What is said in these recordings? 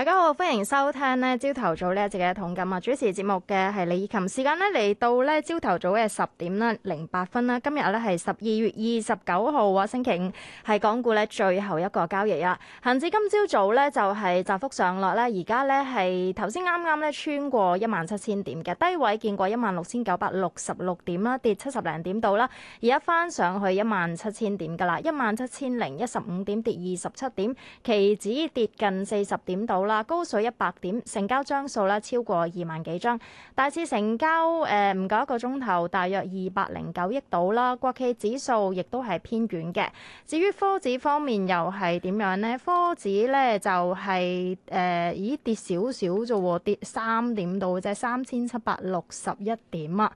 大家好，歡迎收聽咧，朝頭早呢自己嘅統計啊！主持節目嘅係李琴，時間咧嚟到咧，朝頭早嘅十點啦，零八分啦，今日呢係十二月二十九號啊，星期五係港股咧最後一個交易日啦。行至今朝早，早呢就係窄幅上落咧，而家呢係頭先啱啱咧穿過一萬七千點嘅低位，見過一萬六千九百六十六點啦，跌七十零點度啦，而家翻上去一萬七千點噶啦，一萬七千零一十五點跌二十七點，期指跌近四十點度。高水一百點，成交張數咧超過二萬幾張，大市成交誒唔夠一個鐘頭，大約二百零九億度啦。國企指數亦都係偏軟嘅。至於科指方面又係點樣呢？科指咧就係誒咦跌少少咋喎，跌三點度啫，即係三千七百六十一點啊。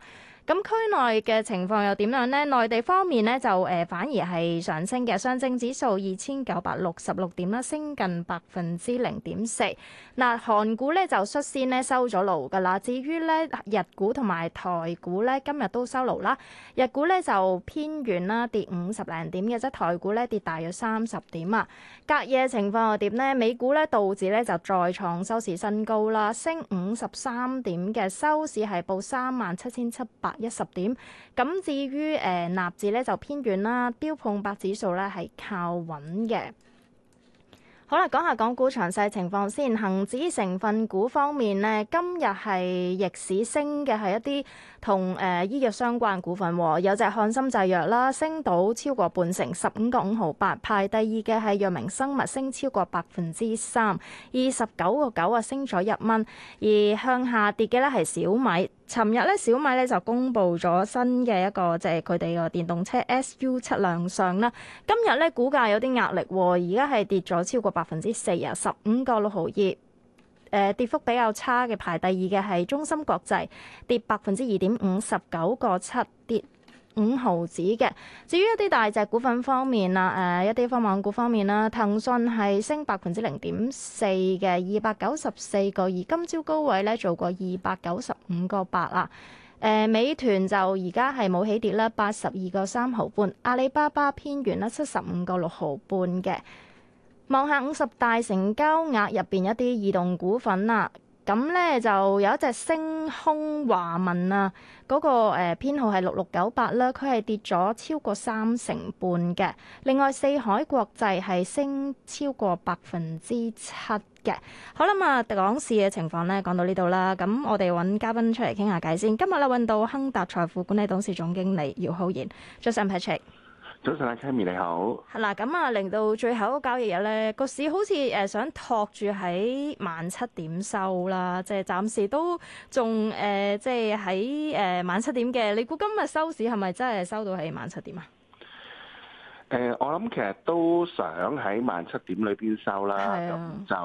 咁區內嘅情況又點樣呢？內地方面、呃、呢，就誒反而係上升嘅，上證指數二千九百六十六點啦，升近百分之零點四。嗱，韓股咧就率先咧收咗爐㗎喇。至於咧日股同埋台股咧，今日都收爐喇。日股咧就偏軟啦，跌五十零點嘅啫。即台股咧跌大約三十點啊。隔夜情況又點呢？美股咧道指咧就再創收市新高啦，升五十三點嘅收市係報三萬七千七百。一十點咁，至於誒、呃、納指咧就偏軟啦，標普百指數咧係靠穩嘅。好啦，講下港股詳細情況先。恆指成分股方面呢，今日係逆市升嘅係一啲同誒醫藥相關股份、哦、有隻翰森製藥啦，升到超過半成，十五個五毫八派。第二嘅係藥明生物，升超過百分之三，二十九個九啊，升咗一蚊。而向下跌嘅咧係小米。尋日咧，小米咧就公布咗新嘅一個，即係佢哋嘅電動車 SU 七亮相啦。今日咧，股價有啲壓力，而家係跌咗超過百分之四啊，十五個六毫二。誒，跌幅比較差嘅，排第二嘅係中芯國際跌，跌百分之二點五，十九個七跌五毫子嘅。至於一啲大隻股份方面啊，誒、呃、一啲科網股方面啦，騰訊係升百分之零點四嘅二百九十四個，而今朝高位咧做過二百九十五個八啊。誒，美團就而家係冇起跌啦，八十二個三毫半。阿里巴巴偏軟啦，七十五個六毫半嘅。望下五十大成交額入邊一啲移動股份啊。咁咧就有一隻星空華文啦，嗰、那個誒編號係六六九八啦，佢係跌咗超過三成半嘅。另外四海國際係升超過百分之七嘅。好啦嘛、嗯，港市嘅情況咧講到呢度啦。咁我哋搵嘉賓出嚟傾下偈先。今日啦搵到亨達財富管理董事總經理姚浩然，Joseph 早晨啊 Kami 你好。嗱、嗯，咁啊，令到最後嗰交易日咧，個市好似誒想托住喺萬七點收啦，即係暫時都仲誒，即係喺誒萬七點嘅。你估今日收市係咪真係收到喺萬七點啊？誒、呃，我諗其實都想喺萬七點裏邊收啦，咁、啊、就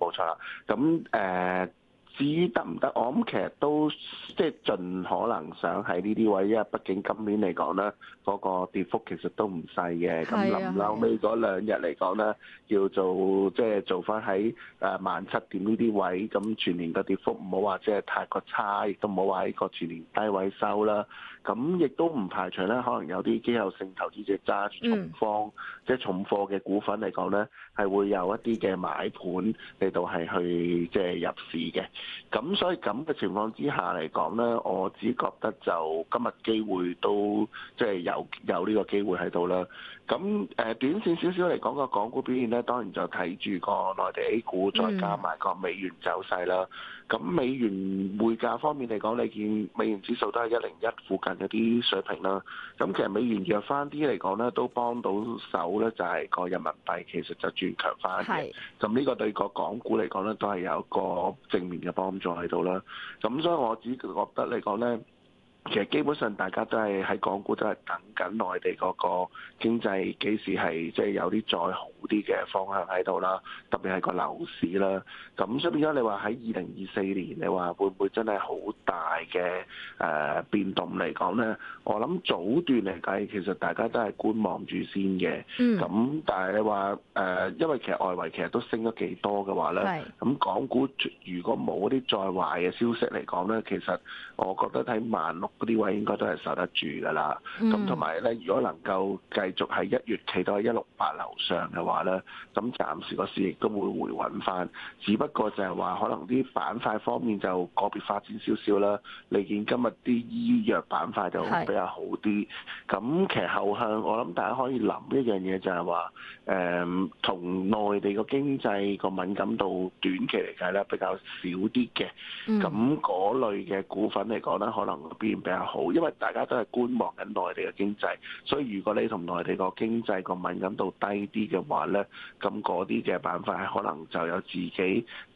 冇錯啦。咁誒。呃至於得唔得，我諗其實都即係盡可能想喺呢啲位，因為畢竟今年嚟講咧，嗰、嗰個跌幅其實都唔細嘅。咁臨落尾嗰兩日嚟講咧，要做即係、就是、做翻喺誒萬七點呢啲位，咁全年嘅跌幅唔好話即係太過差，亦都唔好話喺個全年低位收啦。咁亦都唔排除咧，可能有啲機構性投資者揸住重貨，即係重貨嘅、mm. 股份嚟講咧，係會有一啲嘅買盤嚟到係去即係、就是、入市嘅。咁所以咁嘅情況之下嚟講咧，我只覺得就今日機會都即係有有呢個機會喺度啦。咁誒短線少少嚟講個港股表現咧，當然就睇住個內地 A 股，再加埋個美元走勢啦。咁、mm. 美元匯價方面嚟講，你見美元指數都係一零一附近嗰啲水平啦。咁其實美元弱翻啲嚟講咧，都幫到手咧，就係個人民幣其實就轉強翻嘅。咁呢個對個港股嚟講咧，都係有一個正面嘅幫助喺度啦。咁所以我只覺得嚟講咧。其實基本上大家都係喺港股都係等緊內地嗰個經濟幾時係即係有啲再好啲嘅方向喺度啦，特別係個樓市啦。咁所以變咗你話喺二零二四年，你話會唔會真係好大嘅誒變動嚟講咧？我諗早段嚟計，其實大家都係觀望住先嘅。咁但係你話誒，因為其實外圍其實都升咗幾多嘅話咧，咁港股如果冇啲再壞嘅消息嚟講咧，其實。我覺得喺萬六嗰啲位應該都係受得住㗎啦。咁同埋咧，如果能夠繼續喺一月企到一六八樓上嘅話咧，咁暫時個市亦都會回穩返。只不過就係話，可能啲板塊方面就個別發展少少啦。你見今日啲醫藥板塊就比較好啲。咁是其實後向我諗大家可以諗一樣嘢，就係話，誒，同內地個經濟個敏感度短期嚟計咧比較少啲嘅。咁嗰、嗯、類嘅股份。嚟講咧，可能嗰邊比較好，因為大家都係觀望緊內地嘅經濟，所以如果你同內地個經濟個敏感度低啲嘅話咧，咁嗰啲嘅板塊可能就有自己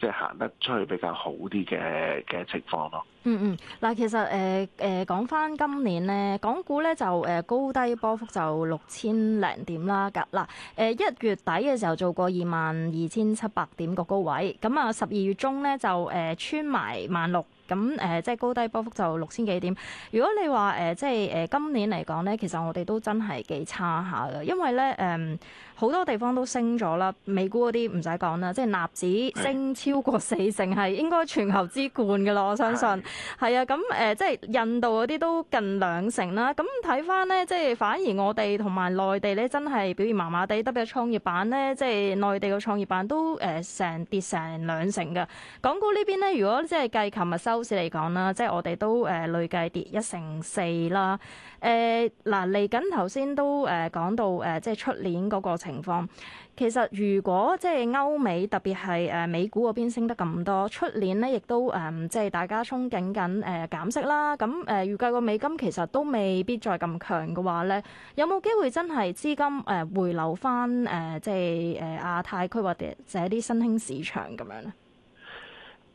即係行得出去比較好啲嘅嘅情況咯、嗯。嗯嗯，嗱，其實誒誒、呃、講翻今年咧，港股咧就誒高低波幅就六千零點啦。噶嗱誒一月底嘅時候做過二萬二千七百點個高位，咁啊十二月中咧就誒穿埋萬六。咁誒，即係高低波幅就六千幾點。如果你話誒，即係誒今年嚟講咧，其實我哋都真係幾差下㗎，因為咧誒，呃好多地方都升咗啦，美股嗰啲唔使講啦，即係納指升超過四成，係的應該全球之冠嘅咯，我相信。係啊的，咁誒、呃，即係印度嗰啲都近兩成啦。咁睇翻咧，即係反而我哋同埋內地咧，真係表現麻麻地，特別係創業板咧，即係內地嘅創業板都誒成、呃、跌成兩成嘅。港股呢邊咧，如果即係計琴日收市嚟講啦，即係我哋都誒、呃、累計跌一成四啦。誒嗱，嚟緊頭先都誒講到誒，即係出年嗰個情況。其實如果即係歐美特別係誒美股嗰邊升得咁多，出年呢亦都誒、嗯，即係大家憧憬緊誒、呃、減息啦。咁誒、呃、預計個美金其實都未必再咁強嘅話咧，有冇機會真係資金誒回流返誒、呃，即係誒亞太區或者這啲新興市場咁樣咧？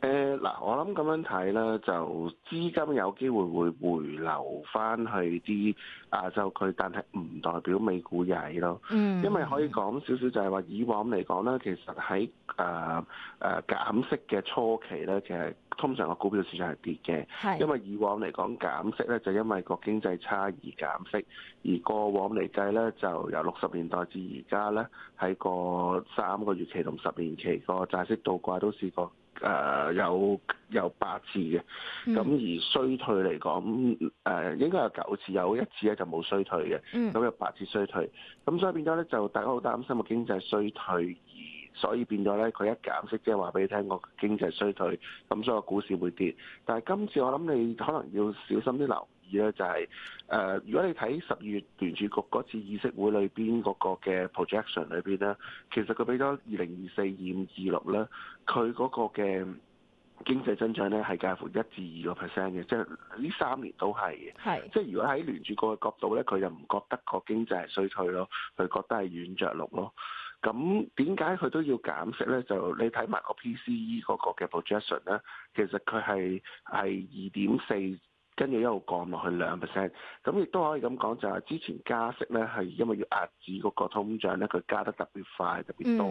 誒嗱、呃，我諗咁樣睇咧，就資金有機會會回流翻去啲亞洲區，但係唔代表美股曳咯。嗯，因為可以講少少就係話，以往嚟講咧，其實喺誒誒減息嘅初期咧，其實通常個股票市場係跌嘅。係是因為以往嚟講減息咧，就因為個經濟差而減息，而過往嚟計咧，就由六十年代至而家咧，喺個三個月期同十年期個債息倒掛都試過。誒、呃、有有八次嘅，咁而衰退嚟講，誒、呃、應該有九次，有一次咧就冇衰退嘅，咁、嗯、有八次衰退，咁所以變咗咧就大家好擔心個經濟衰退，而所以變咗咧佢一減息，即係話俾你聽，個經濟衰退，咁所以個股市會跌，但係今次我諗你可能要小心啲留。二咧就係、是、誒、呃，如果你睇十二月聯儲局嗰次議息會裏邊嗰個嘅 projection 裏邊咧，其實佢俾咗二零二四二五二六咧，佢嗰個嘅經濟增長咧係介乎一至二個 percent 嘅，即係呢三年都係嘅。係是即係如果喺聯儲局嘅角度咧，佢就唔覺得個經濟係衰退咯，佢覺得係軟着陸咯。咁點解佢都要減息咧？就你睇埋個 PCE 嗰個嘅 projection 咧，其實佢係係二點四。跟住一路降落去兩 percent，咁亦都可以咁講，就係之前加息咧係因為要壓止嗰個通脹咧，佢加得特別快、特別多。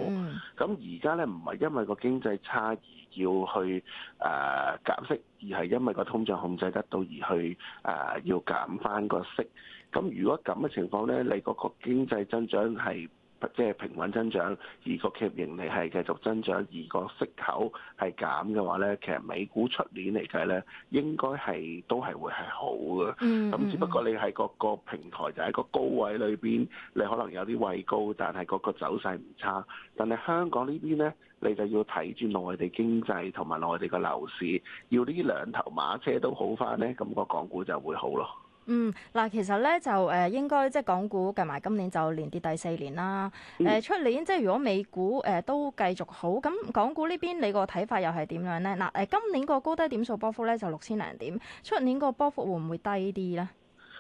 咁而家咧唔係因為個經濟差而要去誒減、呃、息，而係因為個通脹控制得到而去誒、呃、要減翻個息。咁如果咁嘅情況咧，你嗰個經濟增長係？即係平穩增長，而個企業盈利係繼續增長，而個息口係減嘅話咧，其實美股出年嚟計咧，應該係都係會係好嘅。咁、mm hmm. 只不過你喺個個平台就喺、是、個高位裏邊，你可能有啲位高，但係個個走勢唔差。但係香港呢邊咧，你就要睇住內地經濟同埋內地嘅樓市，要呢兩頭馬車都好返咧，咁、那個港股就會好咯。嗯，嗱，其實咧就誒，應該即係港股計埋今年就連跌第四年啦。誒、嗯，出年即係如果美股誒、呃、都繼續好，咁港股呢邊你個睇法又係點樣咧？嗱，誒，今年個高低點數波幅咧就六千零點，出年個波幅會唔會低啲咧？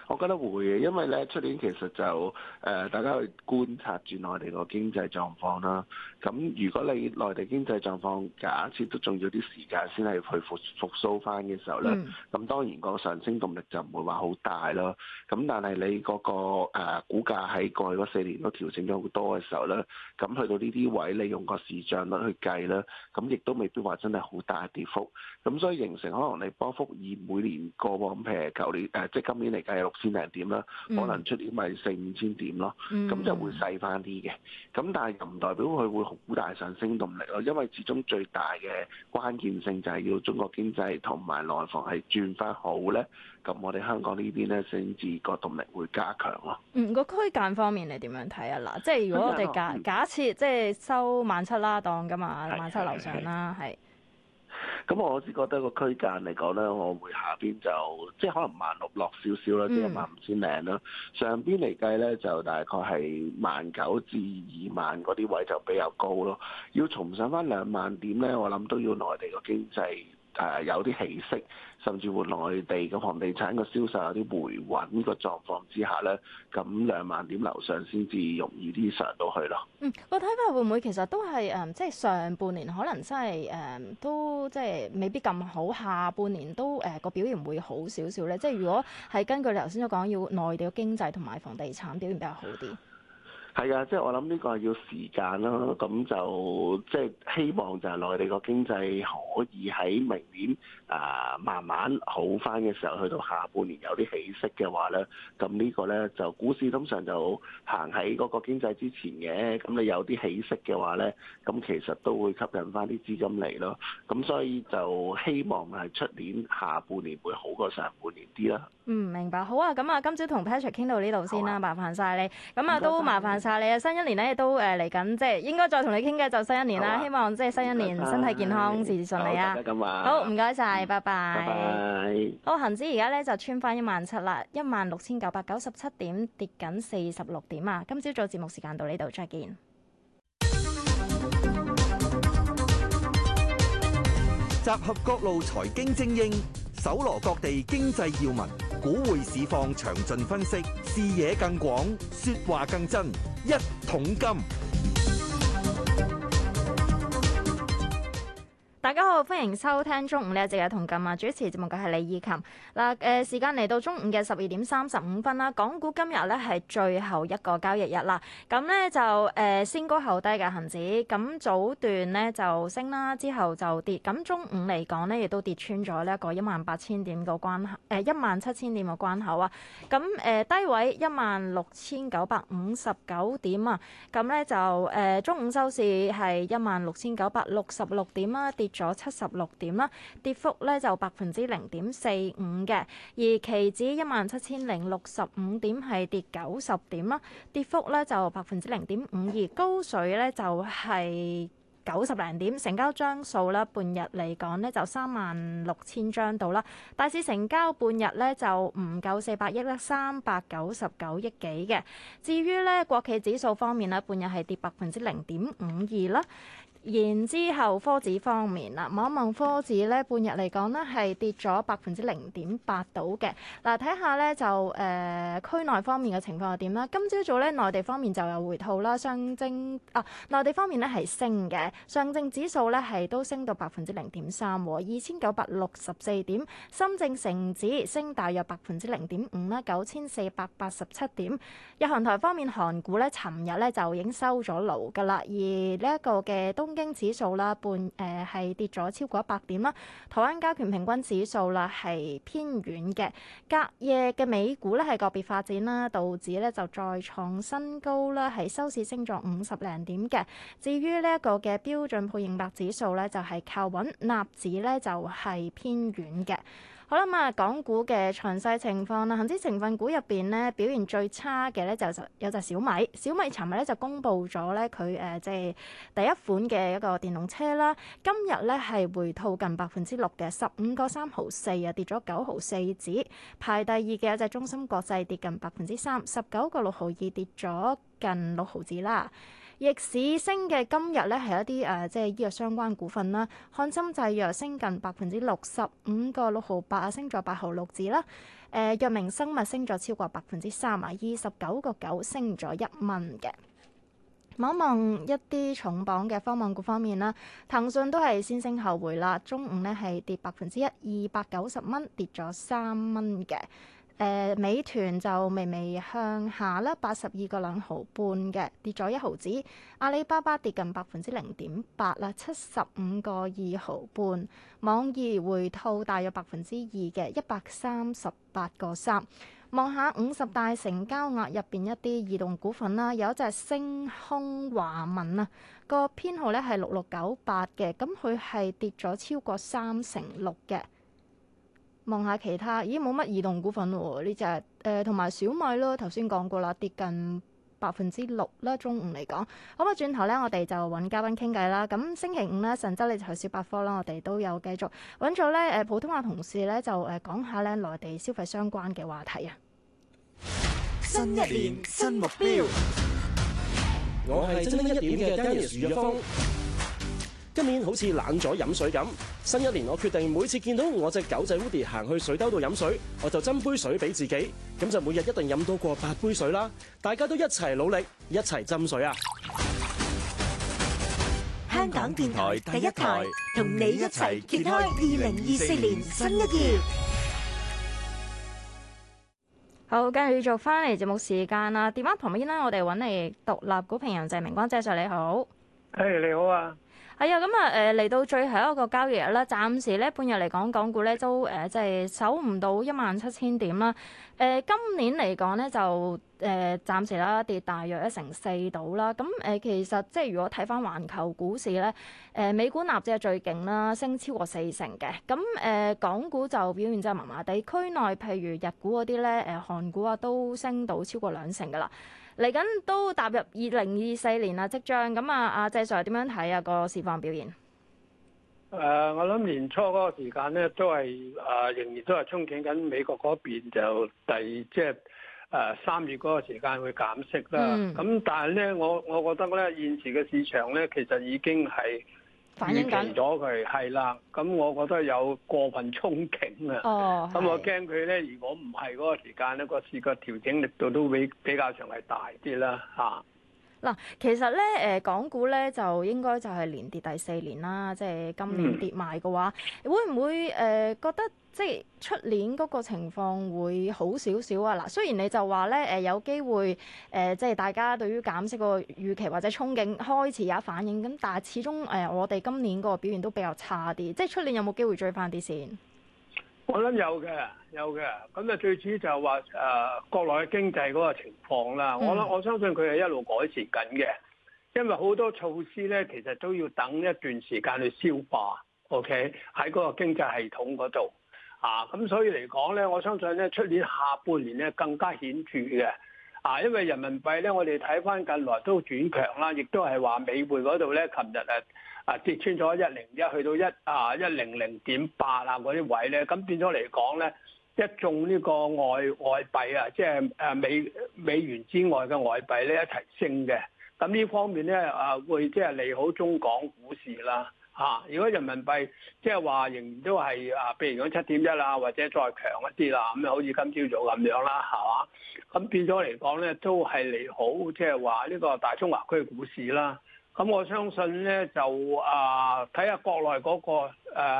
我覺得會嘅，因為咧出年其實就誒、呃，大家去觀察住內地個經濟狀況啦。咁如果你內地經濟狀況假設都仲要啲時間先係去復復甦翻嘅時候咧，咁、嗯、當然個上升動力就唔會話好大咯。咁但係你嗰、那個誒、呃、股價喺過去嗰四年都調整咗好多嘅時候咧，咁去到呢啲位，你用個市賬率去計啦，咁亦都未必話真係好大跌幅。咁所以形成可能你波幅以每年個噃，咁譬如舊年誒、呃，即係今年嚟計千零點啦，可能出年咪四五千點咯，咁、嗯、就會細翻啲嘅。咁但係唔代表佢會好大上升動力咯，因為始終最大嘅關鍵性就係要中國經濟同埋內房係轉翻好咧。咁我哋香港邊呢邊咧，先至個動力會加強咯。嗯，個區間方面你點樣睇啊？嗱，即係如果我哋假、嗯、假設即係收萬七啦，當㗎嘛，萬七樓上啦，係。是咁我只覺得個區間嚟講咧，我會下邊就即係可能萬六落少少啦，即係萬五千零啦。上邊嚟計咧，就大概係萬九至二萬嗰啲位就比較高咯。要重上翻兩萬點咧，我諗都要內地個經濟。誒、呃、有啲起色，甚至乎內地嘅房地產嘅銷售有啲回穩嘅狀況之下咧，咁兩萬點樓上先至容易啲上到去咯。嗯，個睇法會唔會其實都係誒、嗯，即係上半年可能真係誒、嗯、都即係未必咁好，下半年都誒個、呃、表現會好少少咧。即係如果係根據你頭先所講，要內地嘅經濟同埋房地產表現比較好啲。好。係啊，即係我諗呢個係要時間咯。咁就即係希望就係內地個經濟可以喺明年啊、呃、慢慢好翻嘅時候，去到下半年有啲起色嘅話咧，咁呢個咧就股市通常就行喺嗰個經濟之前嘅。咁你有啲起色嘅話咧，咁其實都會吸引翻啲資金嚟咯。咁所以就希望係出年下半年會好過上半年啲啦。嗯，明白。好啊，咁啊，今朝同 Patrick 傾到呢度先啦，麻煩晒你。咁啊，都麻煩。謝謝麻煩查理啊，新一年咧都誒嚟緊，即、呃、係應該再同你傾偈就新一年啦。啊、希望即係新一年拜拜身體健康，事、哎、事順利啊！好唔該晒，嗯、拜拜。好拜、哦，恆指而家咧就穿翻一萬七啦，一萬六千九百九十七點跌緊四十六點啊！今朝早節目時間到呢度，再見。集合各路財經精英，搜羅各地經濟要聞。股匯市況詳盡分析，視野更廣，説話更真，一桶金。大家好，歡迎收聽中午呢一節嘅同感啊！主持節目嘅係李以琴。嗱，誒，時間嚟到中午嘅十二點三十五分啦。港股今日咧係最後一個交易日啦。咁咧就誒、呃、先高後低嘅恒指，咁早段咧就升啦，之後就跌。咁中午嚟講咧，亦都跌穿咗呢一個一萬八千點嘅關，誒一萬七千點嘅關口啊。咁、呃、誒、呃、低位一萬六千九百五十九點啊。咁咧就誒、呃、中午收市係一萬六千九百六十六點啦、啊，跌咗七十六點啦，跌幅咧就百分之零點四五嘅。而期指一萬七千零六十五點係跌九十點啦，跌幅咧就百分之零點五二。高水咧就係九十零點。成交張數咧半日嚟講呢就三萬六千張度啦。大市成交半日咧就唔夠四百億啦，三百九十九億幾嘅。至於咧國企指數方面呢，半日係跌百分之零點五二啦。然之後，科指方面啦，望一望科指咧，半日嚟講咧係跌咗百分之零點八度嘅。嗱，睇下咧就誒區內方面嘅情況係點啦？今朝早咧內地方面就有回吐啦，上證啊內地方面咧係升嘅，上證指數咧係都升到百分之零點三喎，二千九百六十四點，深證成指升大約百分之零點五啦，九千四百八十七點。日韓台方面，韓股咧尋日咧就已經收咗爐㗎啦，而呢一個嘅東京指數啦，半誒係、呃、跌咗超過一百點啦。台灣加權平均指數啦係偏軟嘅。隔夜嘅美股咧係個別發展啦，道指咧就再創新高啦，係收市升咗五十零點嘅。至於呢一個嘅標準普爾五百指數咧，就係靠穩，納指咧就係偏軟嘅。我諗啊，港股嘅詳細情況啦，恒指成分股入邊咧表現最差嘅咧就就有隻小米，小米尋日咧就公布咗咧佢誒即係第一款嘅一個電動車啦。今日咧係回吐近百分之六嘅，十五個三毫四啊，跌咗九毫四子。排第二嘅有隻中芯國際跌近百分之三，十九個六毫二跌咗近六毫子啦。逆市升嘅今日咧，係一啲誒、呃，即係醫藥相關股份啦。漢森製藥升近百分之六十五個六毫八啊，升咗八毫六字啦。誒、呃，藥明生物升咗超過百分之三啊，二十九個九升咗一蚊嘅。望一望一啲重磅嘅科網股方面啦，騰訊都係先升後回啦，中午咧係跌百分之一二百九十蚊，跌咗三蚊嘅。誒、呃，美團就微微向下啦，八十二個兩毫半嘅，跌咗一毫子。阿里巴巴跌近百分之零點八啦，七十五個二毫半。網易回吐大約百分之二嘅，一百三十八個三。望下五十大成交額入邊一啲異動股份啦，有一隻星空華文啊，個編號咧係六六九八嘅，咁佢係跌咗超過三成六嘅。望下其他，咦，冇乜移動股份咯，呢隻誒同埋小米咯，頭先講過啦，跌近百分之六啦，中午嚟講。好，啊轉頭咧，我哋就揾嘉賓傾偈啦。咁星期五咧，神州你就去小百科啦，我哋都有繼續揾咗咧誒普通話同事咧就誒講下咧內地消費相關嘅話題啊。新一年新目標，我係真心一真一點嘅周今年好似懶咗飲水咁，新一年我決定每次見到我隻狗仔 Woody 行去水兜度飲水，我就斟杯水俾自己，咁就每日一定飲多過八杯水啦。大家都一齊努力，一齊斟水啊！香港電台第一台同你一齊揭開二零二四年新一頁。好，繼續翻嚟節目時間啦。電話旁邊咧，我哋揾嚟獨立股評人謝明光，謝 Sir，你好。誒，你好啊！係啊，咁啊、哎，誒嚟到最後一個交易日啦，暫時咧，半日嚟講，港股咧都誒即係守唔到一萬七千點啦。誒、呃、今年嚟講咧就誒暫、呃、時啦跌大約一成四度啦。咁誒、呃、其實即係如果睇翻環球股市咧，誒、呃、美股納指係最勁啦，升超過四成嘅。咁、呃、誒港股就表現真係麻麻哋，區內譬如日股嗰啲咧，誒韓股啊都升到超過兩成㗎啦。嚟緊都踏入二零二四年啦，即將咁啊，阿謝 Sir 點樣睇啊個市況表現？誒、呃，我諗年初嗰個時間咧，都係誒、呃、仍然都係憧憬緊美國嗰邊就第即係誒三月嗰個時間會減息啦。咁、嗯、但係咧，我我覺得咧，現時嘅市場咧，其實已經係。反預期咗佢係啦，咁我覺得有過分憧憬啊，咁、哦、我驚佢咧，如果唔係嗰個時間咧，個視覺調整力度都會比較上係大啲啦，嚇。嗱，其實咧，誒，港股咧就應該就係連跌第四年啦，即係今年跌埋嘅話，嗯、會唔會誒覺得即係出年嗰個情況會好少少啊？嗱，雖然你就話咧，誒，有機會誒，即係大家對於減息個預期或者憧憬開始有反應，咁但係始終誒，我哋今年個表現都比較差啲，即係出年有冇機會追翻啲先？我諗有嘅。有嘅，咁啊，最主要就係話誒國內嘅經濟嗰個情況啦。嗯、我諗我相信佢係一路改善緊嘅，因為好多措施咧，其實都要等一段時間去消化。OK，喺嗰個經濟系統嗰度啊，咁所以嚟講咧，我相信咧，出年下半年咧更加顯著嘅啊，因為人民幣咧，我哋睇返近來都轉強啦，亦都係話美匯嗰度咧，琴日誒啊跌穿咗一零一，去到一啊一零零點八啊嗰啲位咧，咁變咗嚟講咧。一眾呢個外外幣啊，即係誒美美元之外嘅外幣咧，一齊升嘅，咁呢方面咧啊，會即係利好中港股市啦嚇。啊，如果人民幣即係話仍然都係啊，譬如講七點一啦，或者再強一啲啦，咁又好似今朝早咁樣啦，係嘛？咁變咗嚟講咧，都係利好即係話呢個大中華區嘅股市啦。咁我相信咧就啊，睇下國內嗰、那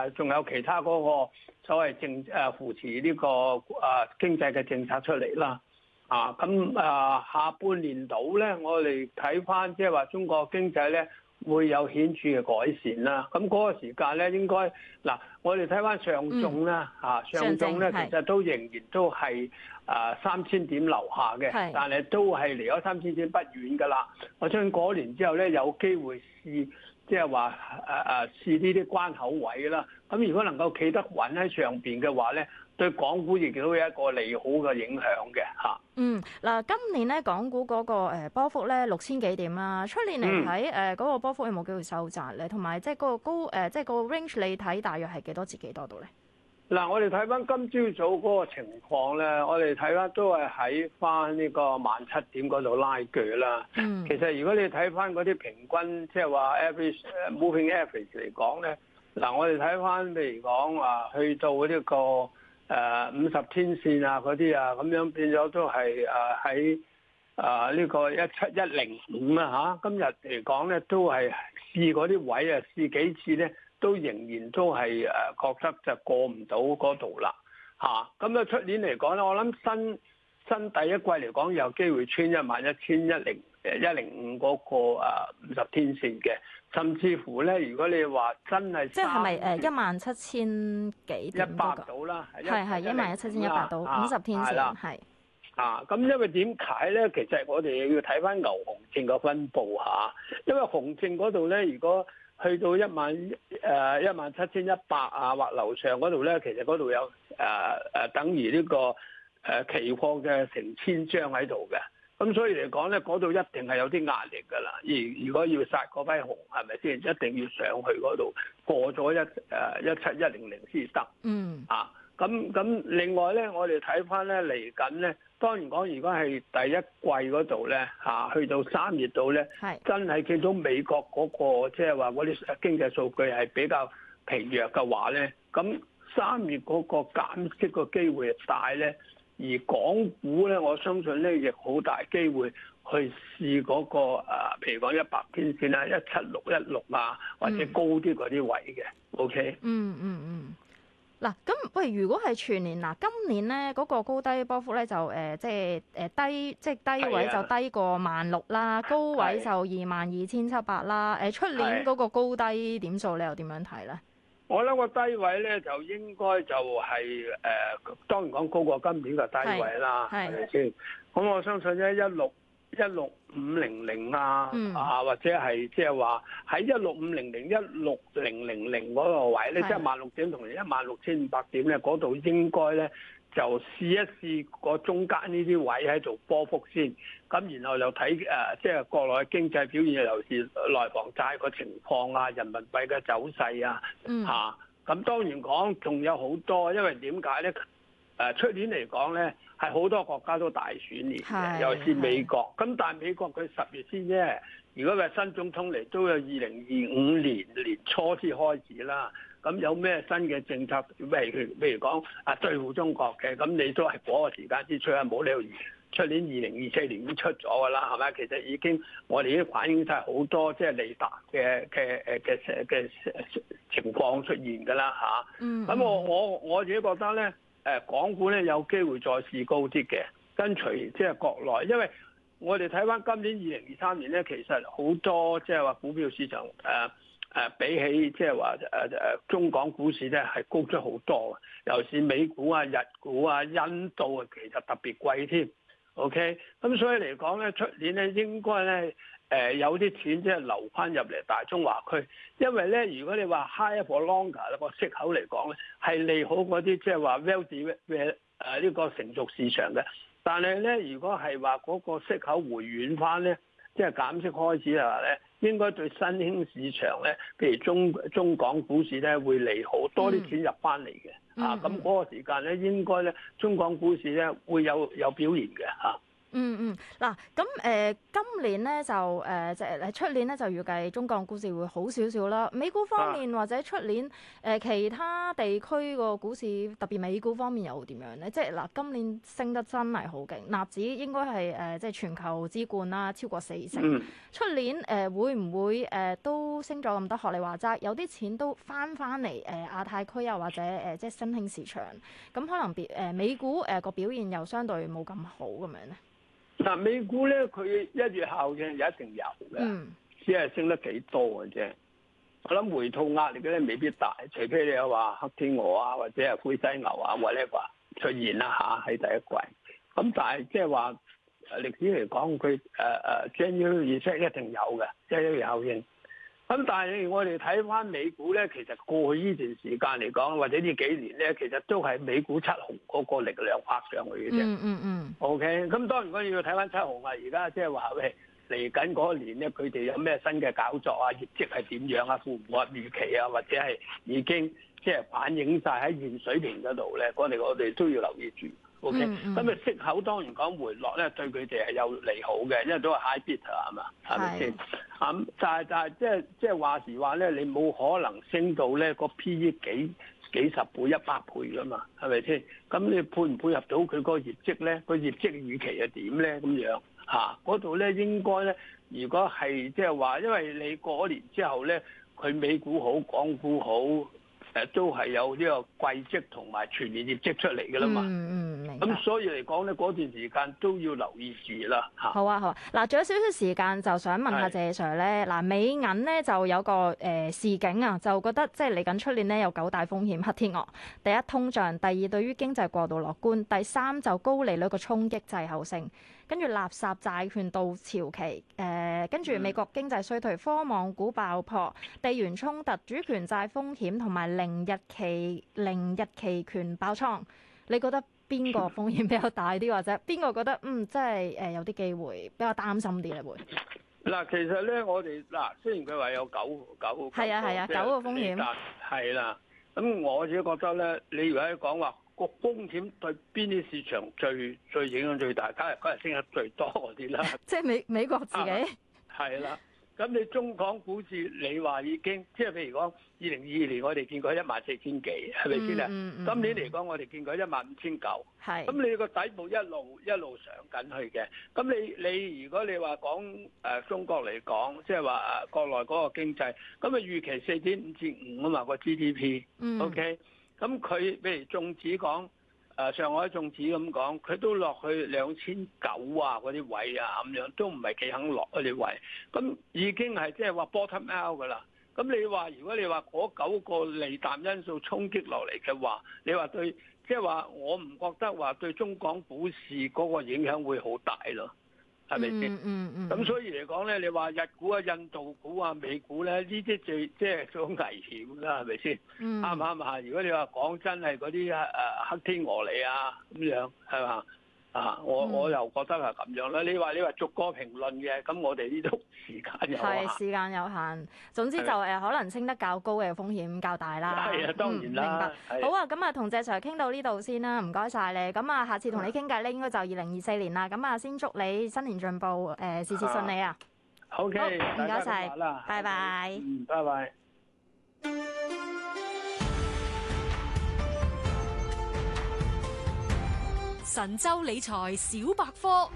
個仲、啊、有其他嗰、那個所謂政誒、啊、扶持呢、這個誒、啊、經濟嘅政策出嚟啦。啊，咁啊下半年度咧，我哋睇返即係話中國經濟咧會有顯著嘅改善啦。咁嗰個時間咧，應該嗱、啊，我哋睇返上仲啦，嚇、嗯、上仲咧，呢是其實都仍然都係。啊三千點留下嘅，是但係都係離咗三千點不遠噶啦。我相信嗰年之後咧，有機會試，即係話誒誒試呢啲關口位啦。咁、啊、如果能夠企得穩喺上邊嘅話咧，對港股亦都有一個利好嘅影響嘅嚇。嗯，嗱、啊，今年咧，港股嗰個波幅咧六千幾點啦。出年嚟睇誒嗰個波幅有冇機會收窄咧？同埋即係嗰個高誒即係個 range 你睇大約係幾多至幾多度咧？嗱、嗯，我哋睇翻今朝早嗰個情況咧，我哋睇翻都係喺翻呢個萬七點嗰度拉鋸啦。其實如果你睇翻嗰啲平均，即係話 a moving average 嚟講咧，嗱，我哋睇翻譬如講啊，去到呢個誒五十天線啊嗰啲啊，咁樣變咗都係誒喺誒呢個一七一零五啊嚇。今日嚟講咧，都係試嗰啲位啊，試幾次咧。都仍然都係誒覺得就過唔到嗰度啦嚇，咁啊出年嚟講咧，我諗新新第一季嚟講有機會穿一萬一千一零誒一零五嗰個啊五十天線嘅，甚至乎咧如果你話真係即係咪誒一萬七千幾點一百到啦，係係一萬一七千一百到五十天線係嘅。啊咁，因為點解咧？其實我哋要睇返牛熊證個分布嚇、啊，因為熊證嗰度咧，如果去到一萬誒、呃、一萬七千一百啊或樓上嗰度咧，其實嗰度有誒誒、呃呃、等於呢、這個誒、呃、期貨嘅成千張喺度嘅，咁所以嚟講咧，嗰度一定係有啲壓力㗎喇。而如果要殺嗰批紅，係咪先一定要上去嗰度過咗一誒一七一零零先得？嗯、呃 mm. 啊，咁咁另外咧，我哋睇返咧嚟緊咧。當然講，如果係第一季嗰度咧，嚇去到三月度咧，是真係見到美國嗰、嗰個即係話嗰啲經濟數據係比較疲弱嘅話咧，咁三月嗰個減息個機會大咧，而港股咧，我相信咧亦好大機會去試嗰、嗰個譬如講一百天線啦、一七六一六啊，或者高啲嗰啲位嘅，OK？嗯嗯嗯。嗱，咁喂，如果係全年嗱，今年咧嗰、那個高低波幅咧就誒、呃，即係誒低，即係低位就低過萬六啦，高位就二萬二千七百啦。誒，出年嗰個高低點數，你又點樣睇咧？我諗個低位咧就應該就係、是、誒、呃，當然講高過今年嘅低位啦，係咪先？咁的我相信咧一六，一六五零零啊，啊、嗯、或者係即係話喺一六五零零一六零零零嗰個位咧，即係萬六點同一萬六千五百點咧，嗰度應該咧就試一試個中間呢啲位喺度波幅先。咁然後又睇誒，即係國內經濟表現，尤其是內房債個情況啊，人民幣嘅走勢啊，吓咁、嗯啊、當然講仲有好多，因為點解咧？誒出年嚟講咧，係好多國家都大選年嘅，係尤其是美國。咁但係美國佢十月先啫。如果佢新總統嚟，都有二零二五年年初先開始啦。咁有咩新嘅政策？譬如譬如講啊，對付中國嘅，咁你都係嗰個時間先出，係冇理由。出年二零二四年已經出咗㗎啦，係咪？其實已經我哋已經反映晒好多，即係利達嘅嘅誒嘅嘅情況出現㗎啦吓，咁，啊，我我我自己覺得咧。誒港股咧有機會再試高啲嘅，跟隨即係、就是、國內，因為我哋睇翻今年二零二三年咧，其實好多即係話股票市場誒誒、呃呃、比起即係話誒誒中港股市咧係高出好多嘅，尤其是美股啊、日股啊、印度啊，其實特別貴添。OK，咁所以嚟講咧，出年咧應該咧。誒、呃、有啲錢即係流翻入嚟大中華區，因為咧，如果你話 high for longer 個息口嚟講咧，係利好嗰啲即係話 wealthy 呢個成熟市場嘅。但係咧，如果係話嗰個息口回軟翻咧，即係減息開始嘅話咧，應該對新興市場咧，譬如中中港股市咧，會利好多啲錢入翻嚟嘅。啊，咁嗰個時間咧，應該咧，中港股市咧會有有表現嘅嚇。啊。嗯嗯，嗱咁誒，今年咧就誒、呃、即係喺出年咧就預計中國股市會好少少啦。美股方面或者出年誒、呃、其他地區個股市特別美股方面又點樣咧？即係嗱、呃，今年升得真係好勁，納指應該係誒、呃、即係全球之冠啦，超過四成。出、嗯、年誒、呃、會唔會誒、呃、都升咗咁多？學你話齋，有啲錢都翻翻嚟誒亞太區又或者誒、呃、即係新興市場咁可能別、呃、美股誒個表現又相對冇咁好咁樣咧。嗱，但美股咧，佢一月效應就一定有嘅，只係升得幾多嘅啫。我諗回吐壓力咧，未必大，除非你有話黑天鵝啊，或者係灰犀牛啊，或者話出現啦嚇喺第一季。咁但係即係話歷史嚟講，佢誒誒將要預測一定有嘅，即係一月效應。咁但係我哋睇翻美股咧，其實過去呢段時間嚟講，或者呢幾年咧，其實都係美股七雄嗰個力量拍上去嘅啫。嗯嗯 O K. 咁當然我要睇翻七雄啊！而家即係話喂，嚟緊嗰一年咧，佢哋有咩新嘅搞作啊？業績係點樣啊？符唔符合預期啊？或者係已經即係反映晒喺現水平嗰度咧，我哋我哋都要留意住。咁啊 Okay.、mm hmm. 息口當然講回落咧，對佢哋係有利好嘅，因為都係 high bit 啊嘛，係咪先？咁但係但係即係即係話時話咧，你冇可能升到咧個 P.E. 幾幾十倍、一百倍噶嘛，係咪先？咁你配唔配合到佢個業績咧？個業績預期係點咧？咁樣嚇嗰度咧，應該咧，如果係即係話，因為你過咗年之後咧，佢美股好、港股好。誒都係有呢個季績同埋全年業績出嚟嘅啦嘛，嗯嗯，明白。咁所以嚟講呢嗰段時間都要留意住啦嚇。好啊好。啊。嗱，仲有少少時間，就想問下謝 Sir 咧，嗱是美銀呢就有個誒、呃、示警啊，就覺得即係嚟緊出年呢有九大風險黑天鵝，第一，通脹，第二，對於經濟過度樂觀，第三就高利率個衝擊滯後性。跟住垃圾債券到潮期，誒、呃、跟住美國經濟衰退，科網股爆破，地緣衝突、主權債風險同埋零日期零日期權爆倉，你覺得邊個風險比較大啲或者邊個覺得嗯真係誒、呃、有啲機會比較擔心啲咧會？嗱，其實咧我哋嗱，雖然佢話有九九,九個，係啊係啊以九個風險，係啦。咁、啊、我自己覺得咧，你如果講話。個風險對邊啲市場最最影響最大？梗係梗係升得最多嗰啲啦，即係美美國自己係啦。咁你中港股市，你話已經即係譬如講二零二二年，我哋見過一萬四千幾，係咪先啊？嗯嗯、今年嚟講，我哋見過一萬五千九，係咁你個底部一路一路上緊去嘅。咁你你如果你話講誒中國嚟講，即係話、呃、國內嗰個經濟，咁啊預期四點五至五啊嘛、個 GDP，OK、嗯。Okay? 咁佢譬如綜指講，誒、呃、上海綜指咁講，佢都落去兩千九啊嗰啲位啊，咁樣都唔係幾肯落嗰啲位，咁已經係即係話 bottom out 㗎啦。咁你話如果你話嗰九個利淡因素衝擊落嚟嘅話，你話對，即係話我唔覺得話對中港股市嗰個影響會好大咯。係咪先？嗯嗯，咁所以嚟講咧，你話日股啊、印度股啊、美股咧，呢啲最即係都危險啦，係咪先？啱唔啱啊？如果你話講真係嗰啲啊誒，黑天鵝嚟啊咁樣，係嘛？啊！我我又覺得係咁樣啦。你話你話逐個評論嘅，咁我哋呢度時間有限，時間有限。總之就誒，可能升得較高嘅風險較大啦。係啊，當然啦。明白。好啊，咁啊，同謝 Sir 傾到呢度先啦，唔該晒你。咁啊，下次同你傾偈咧，應該就二零二四年啦。咁啊，先祝你新年進步，誒，事事順利啊！OK，唔該晒，拜拜。嗯，拜拜。神州理財小百科。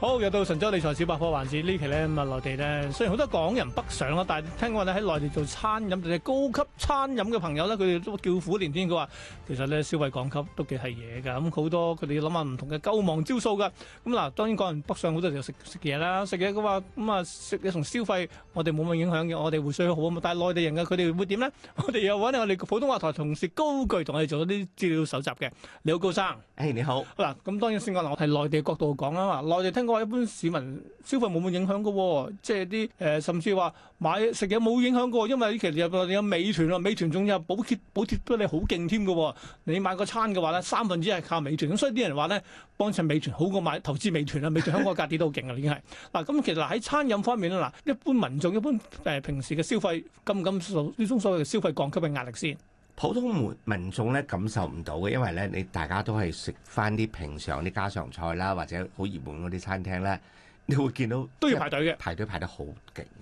好，又到神州理財小百科環節，呢期咧，咁啊內地咧，雖然好多港人北上啦，但係聽講咧，喺內地做餐飲，定係高級餐飲嘅朋友咧，佢哋都叫苦連天。佢話其實咧，消費降級都幾係嘢噶，咁好多佢哋諗下唔同嘅救亡招數噶。咁嗱，當然港人北上好多時候食食嘢啦，食嘢嘅話，咁啊食嘢同消費我哋冇乜影響嘅，我哋匯稅好啊嘛。但係內地人嘅佢哋會點咧？我哋又揾我哋普通話台同事高具同我哋做咗啲資料搜集嘅，你好高生。誒你好。嗱，咁當然先講嗱，我係內地角度講啊嘛，內地聽。一般市民消費冇冇影響㗎喎，即係啲誒，甚至話買食嘢冇影響嘅，因為其實有美團喎，美團仲有補貼，補貼得你好勁添嘅，你買個餐嘅話咧，三分之一係靠美團，咁所以啲人話咧，幫襯美團好過買投資美團啦，美團香港嘅價跌都好勁嘅已經係。嗱，咁其實喺餐飲方面咧，嗱，一般民眾一般誒平時嘅消費敢唔敢受呢種所謂嘅消費降級嘅壓力先？普通民民眾咧，感受唔到嘅，因為咧你大家都係食返啲平常啲家常菜啦，或者好熱門嗰啲餐廳咧，你會見到都要排隊嘅，排隊排得好勁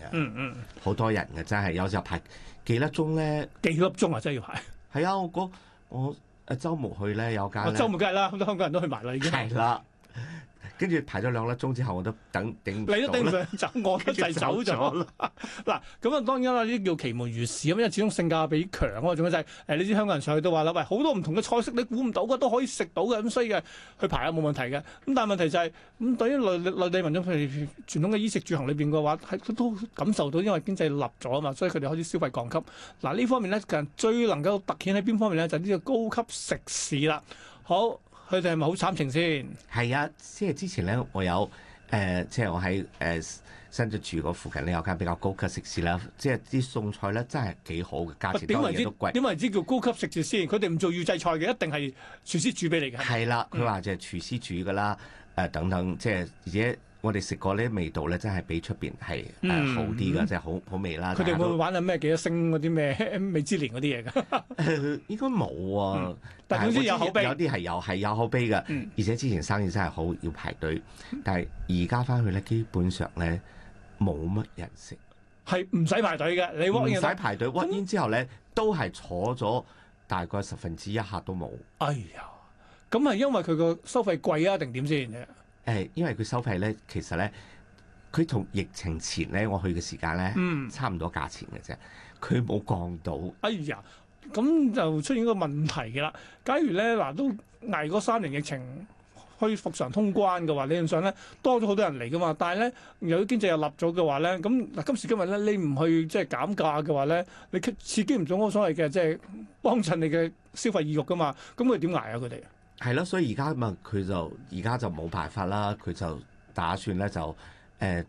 嘅，嗯嗯，好多人嘅真係有時候排幾粒鐘咧，幾粒鐘啊真係要排。係啊，我嗰我誒週末去咧有間，我週末梗係啦，好多香港人都去埋啦已經。係啦。跟住排咗兩粒鐘之後，我都等頂唔，你 都頂唔上走，我一齊走咗嗱，咁啊當然啦，呢啲叫奇門如市。咁，因為始終性價比強啊，仲有就係誒呢啲香港人上去都話啦，喂，好多唔同嘅菜式你估唔到嘅都可以食到嘅，咁所以嘅去排下冇問題嘅。咁但係問題就係、是、咁對於內內地民眾，譬如傳統嘅衣食住行裏邊嘅話，係都，都感受到因為經濟立咗啊嘛，所以佢哋開始消費降級。嗱、啊、呢方面咧，其實最能夠凸顯喺邊方面咧，就呢、是、個高級食肆啦。好。佢哋係咪好慘情先？係啊，即係之前咧，我有誒、呃，即係我喺誒、呃、新都住嗰附近呢，有間比較高級食肆啦。即係啲餸菜咧，真係幾好嘅，價錢都唔係咁貴。點為之叫高級食肆先？佢哋唔做預製菜嘅，一定係廚師煮俾你嘅。係啦、啊，佢話就係廚師煮噶啦，誒、嗯呃、等等，即係而且。我哋食過咧，味道咧，真係比出邊係誒好啲噶，嗯、即係好好味啦。佢哋會玩緊咩幾多星嗰啲咩米芝蓮嗰啲嘢噶？應該冇喎、啊嗯。但係有啲係有係有口碑噶，嗯、而且之前生意真係好要排隊。嗯、但係而家翻去咧，基本上咧冇乜人食。係唔使排隊嘅，你屈煙唔使排隊，屈煙之後咧，嗯、都係坐咗大概十分之一刻都冇。哎呀，咁係因為佢個收費貴啊，定點先？誒，因為佢收費咧，其實咧，佢同疫情前咧，我去嘅時間咧，嗯、差唔多價錢嘅啫，佢冇降到。哎呀，咁就出現一個問題嘅啦。假如咧嗱都捱過三年疫情，可以復常通關嘅話，理論上咧多咗好多人嚟噶嘛。但係咧，由於經濟又立咗嘅話咧，咁嗱今時今日咧，你唔去即係減價嘅話咧，你刺激唔到嗰個所謂嘅即係幫襯你嘅消費意欲噶嘛。咁佢點捱啊佢哋？係咯，所以而家咁啊，佢就而家就冇辦法啦。佢就打算咧就誒、呃，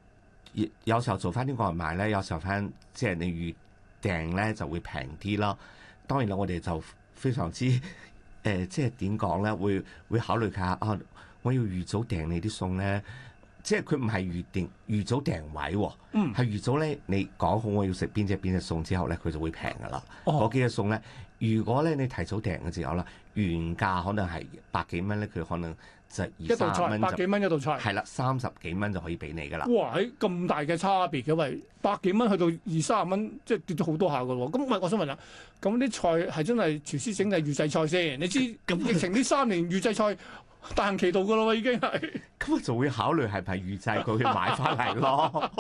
有時候做翻啲外賣咧，有時候翻即係你預訂咧就會平啲咯。當然啦，我哋就非常之誒、呃，即係點講咧，會會考慮下啊，我要預早訂你啲餸咧，即係佢唔係預定預早訂位喎，嗯，係預早咧，你講好我要食邊隻邊隻餸之後咧，佢就會平噶啦，嗰、哦、幾隻餸咧。如果咧你提早訂嘅時候，啦，原價可能係百幾蚊咧，佢可能就二三十蚊，百幾蚊一道菜，係啦就，三十幾蚊就可以俾你噶啦。哇！喺咁大嘅差別嘅喂，百幾蚊去到二三十蚊，即係跌咗好多下嘅喎。咁我想問下，咁啲菜係真係廚師整定預製菜先？你知疫情呢三年預製菜？ 大行其道噶咯喎，已經係咁，我就會考慮係唔係預製佢去買翻嚟咯。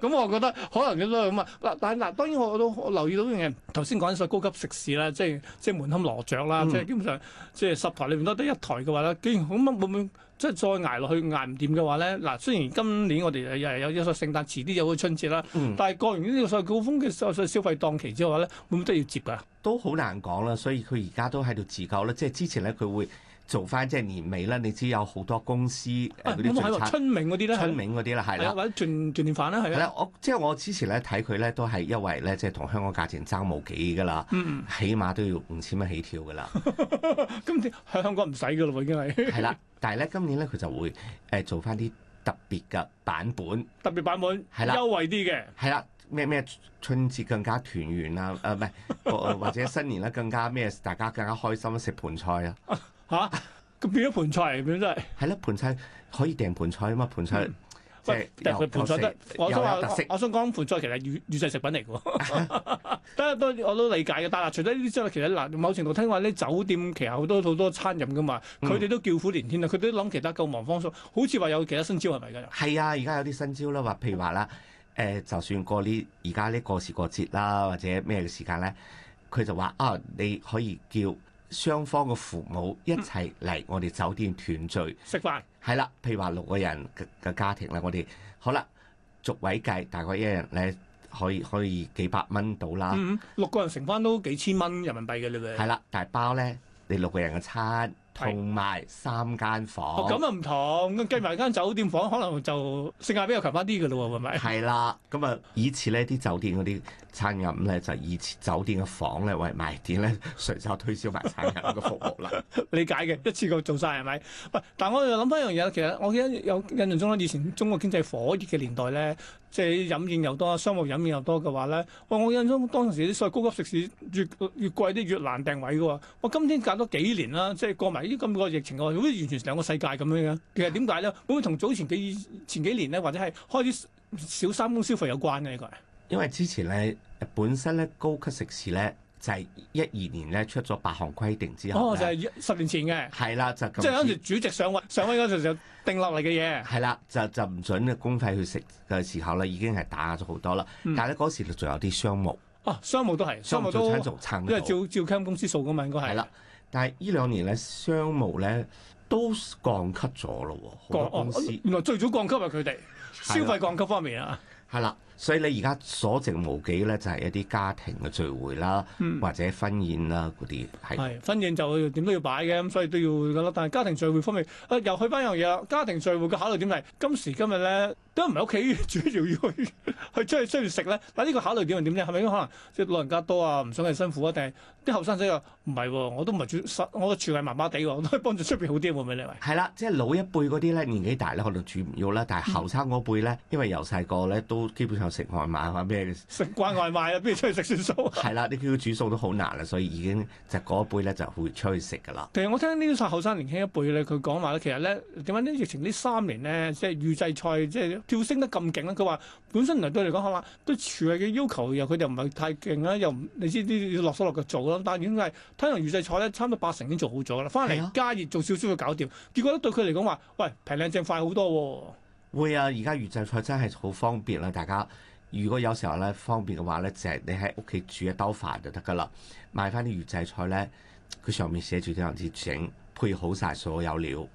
咁我覺得可能嘅咯，咁啊嗱，但、嗯、嗱，當然我我都我留意到一樣嘢，頭先講咗高級食肆啦，即係即係門可羅雀啦，即係基本上即係十台裏面多得一台嘅話咧，竟然咁啊，會唔會即係再捱落去捱唔掂嘅話咧？嗱，雖然今年我哋又有一個聖誕，遲啲有個春節啦，但係過完呢個所謂高峰嘅所謂消費檔期之後咧，會唔會都要接㗎？都好難講啦，所以佢而家都喺度自救咧，即係之前咧佢會。做翻即係年尾啦，你知有好多公司誒嗰啲聚餐。春茗嗰啲啦，春茗嗰啲啦，係啦，或者團團年飯啦，係啦。我即係我之前咧睇佢咧，都係因為咧即係同香港價錢爭冇幾噶啦，起碼都要五千蚊起跳噶啦。今年喺香港唔使噶咯喎，已經係。係啦，但係咧今年咧佢就會誒做翻啲特別嘅版本，特別版本係啦，優惠啲嘅係啦，咩咩春節更加團圓啊，誒唔係或者新年咧更加咩，大家更加開心食盆菜啊。嚇，佢變咗盤菜嚟，變咗係。係咯，盤菜可以訂盤菜啊嘛，盤菜。喂、嗯，但係盤菜得，我想話，我想講盤菜其實係預預製食品嚟嘅。 都都我都理解嘅，但係除咗呢啲之外，其實嗱，某程度聽話啲酒店其實好多好多餐飲嘅嘛，佢哋、嗯、都叫苦連天啦，佢哋都諗其他救亡方術。好似話有其他新招係咪㗎？係啊，而家有啲新招啦，話譬如話啦，誒、呃，就算過呢而家呢過時過節啦，或者咩嘅時間咧，佢就話啊，你可以叫。雙方嘅父母一齊嚟，我哋酒店團聚食飯係啦，譬如話六個人嘅嘅家庭啦，我哋好啦，逐位計，大概一人咧可以可以幾百蚊到啦，嗯，六個人乘返都幾千蚊人民幣嘅呢個係啦，大包咧你六個人嘅餐。同埋三間房，咁啊唔同，計埋、嗯、間酒店房，可能就性價比又強翻啲嘅咯喎，係咪？係啦，咁啊以前呢啲酒店嗰啲餐飲咧就以酒店嘅房咧為賣點咧，隨手推銷埋餐飲嘅服務啦。 理解嘅，一次過做晒係咪？喂，但係我又諗翻一樣嘢，其實我記得有印象中咧，以前中國經濟火熱嘅年代咧。即係飲宴又多，商務飲宴又多嘅話咧，我我印象當時所謂高級食肆越越貴啲越難訂位嘅喎。我今天隔多幾年啦，即係過埋呢咁個疫情嘅，好似完全兩個世界咁樣樣。其實點解咧？會唔會同早前幾前幾年咧，或者係開始小三公消費有關嘅呢個？因為之前咧本身咧高級食肆咧。就係一二年咧出咗八項規定之後哦，就係、是、十年前嘅。係啦就咁。即係嗰陣主席上位上位嗰陣時候就定落嚟嘅嘢。係啦， 就就唔準公費去食嘅時候咧，已經係打壓咗好多啦。嗯、但係咧嗰時仲有啲商務，哦、啊、商務都係商務早餐仲撐。因為照照間公司數嘅嘛，應該係。係啦，但係呢兩年咧商務咧都降級咗咯，好多公司、哦。原來最早降級係佢哋消費降級方面啊。係啦。所以你而家所剩無幾咧，就係一啲家庭嘅聚會啦，嗯、或者婚宴啦嗰啲，係婚宴就點都要擺嘅，咁所以都要噶啦。但係家庭聚會方面，啊、又去翻一樣嘢啦。家庭聚會嘅考慮點係？今時今日咧。都唔喺屋企煮，仲要，要去出去出去食咧？嗱，呢個考慮點又點啫？係咪可能即係老人家多啊，唔想佢辛苦啊？定係啲後生仔話唔係喎，我都唔係煮餸，我個廚藝麻麻地喎，我都幫住出邊好啲喎、啊，咪你話？係啦，即係老一輩嗰啲咧，年紀大咧可能煮唔喐啦，但係後生嗰輩咧，因為由細個咧都基本上食外賣啊嘛。咩，食慣外賣啊，不如出去食算數？係啦，你叫佢煮餸都好難啊，所以已經就嗰一輩咧就會出去食噶啦。其實我聽呢啲後生年輕一輩咧，佢講話咧，其實咧點解呢疫情呢三年咧，即係預製菜即係。跳升得咁勁啦，佢話本身原來對嚟講嚇嘛，對廚藝嘅要求又佢哋唔係太勁啦，又唔你知啲要落手落腳做啦，但已經係睇嚟預製菜咧，差唔多八成已經做好咗啦，翻嚟加熱做少少就搞掂。啊、結果咧對佢嚟講話，喂平靚正快好多喎。哦，會啊！而家預製菜真係好方便啦。大家如果有時候咧方便嘅話咧，就係、是、你喺屋企煮一兜飯就得㗎啦。買翻啲預製菜咧，佢上面寫住點樣先整，配好晒所有料。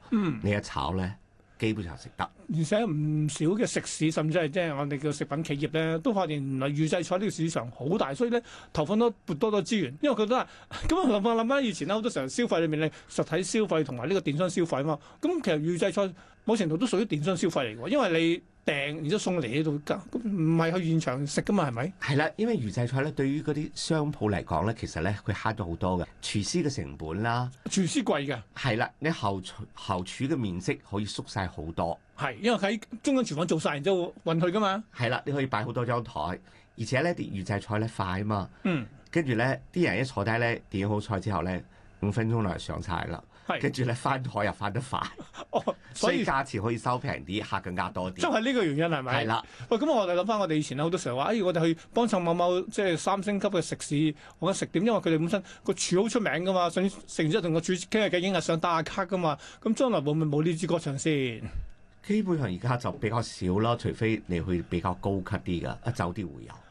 你一炒咧。嗯基本上食得，而且唔少嘅食肆，甚至係即係我哋叫食品企業咧，都發現原來預製菜呢個市場好大，所以咧投放多撥多多資源，因為佢都係咁諗翻諗翻以前咧，好多時候消費裏面咧實體消費同埋呢個電商消費嘛，咁其實預製菜某程度都屬於電商消費嚟嘅，因為你。訂完之後送嚟呢度得，唔係去現場食噶嘛？係咪？係啦，因為預製菜咧，對於嗰啲商鋪嚟講咧，其實咧佢慳咗好多嘅，廚師嘅成本啦。廚師貴嘅。係啦，你後廚後廚嘅面積可以縮晒好多。係，因為喺中央廚房做晒，然之後運去噶嘛。係啦，你可以擺好多張台，而且咧啲預製菜咧快啊嘛。嗯。跟住咧，啲人一坐低咧點好菜之後咧，五分鐘就上晒啦。係。跟住咧翻台又翻得快。 所以，所以價錢可以收平啲，客更加多啲。即係呢個原因係咪？係對啦，哦。喂，咁我哋諗翻我哋以前好多時候話，誒我哋去幫襯某某即係三星級嘅食肆，或者食店，因為佢哋本身個廚好出名㗎嘛，甚至食完之後同個廚傾下偈影下相打下卡㗎嘛。咁將來會唔會冇呢支歌唱先？基本上而家就比較少啦，除非你去比較高級啲嘅一酒啲會有。bars rails ali op ens uin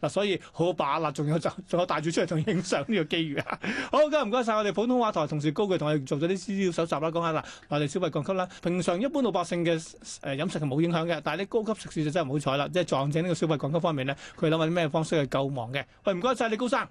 嗱， 所以好把啦，仲有就仲有帶住出嚟同影相呢個機遇啊！ 好，今日唔該晒，我哋普通話台同事高傑同佢做咗啲資料搜集啦，講下嗱，我哋消費降級啦，平常一般老百姓嘅誒飲食係冇影響嘅，但係啲高級食肆就真係唔好彩啦，即係撞正呢個消費降級方面咧，佢諗緊啲咩方式去救亡嘅？喂，唔該晒，你高生。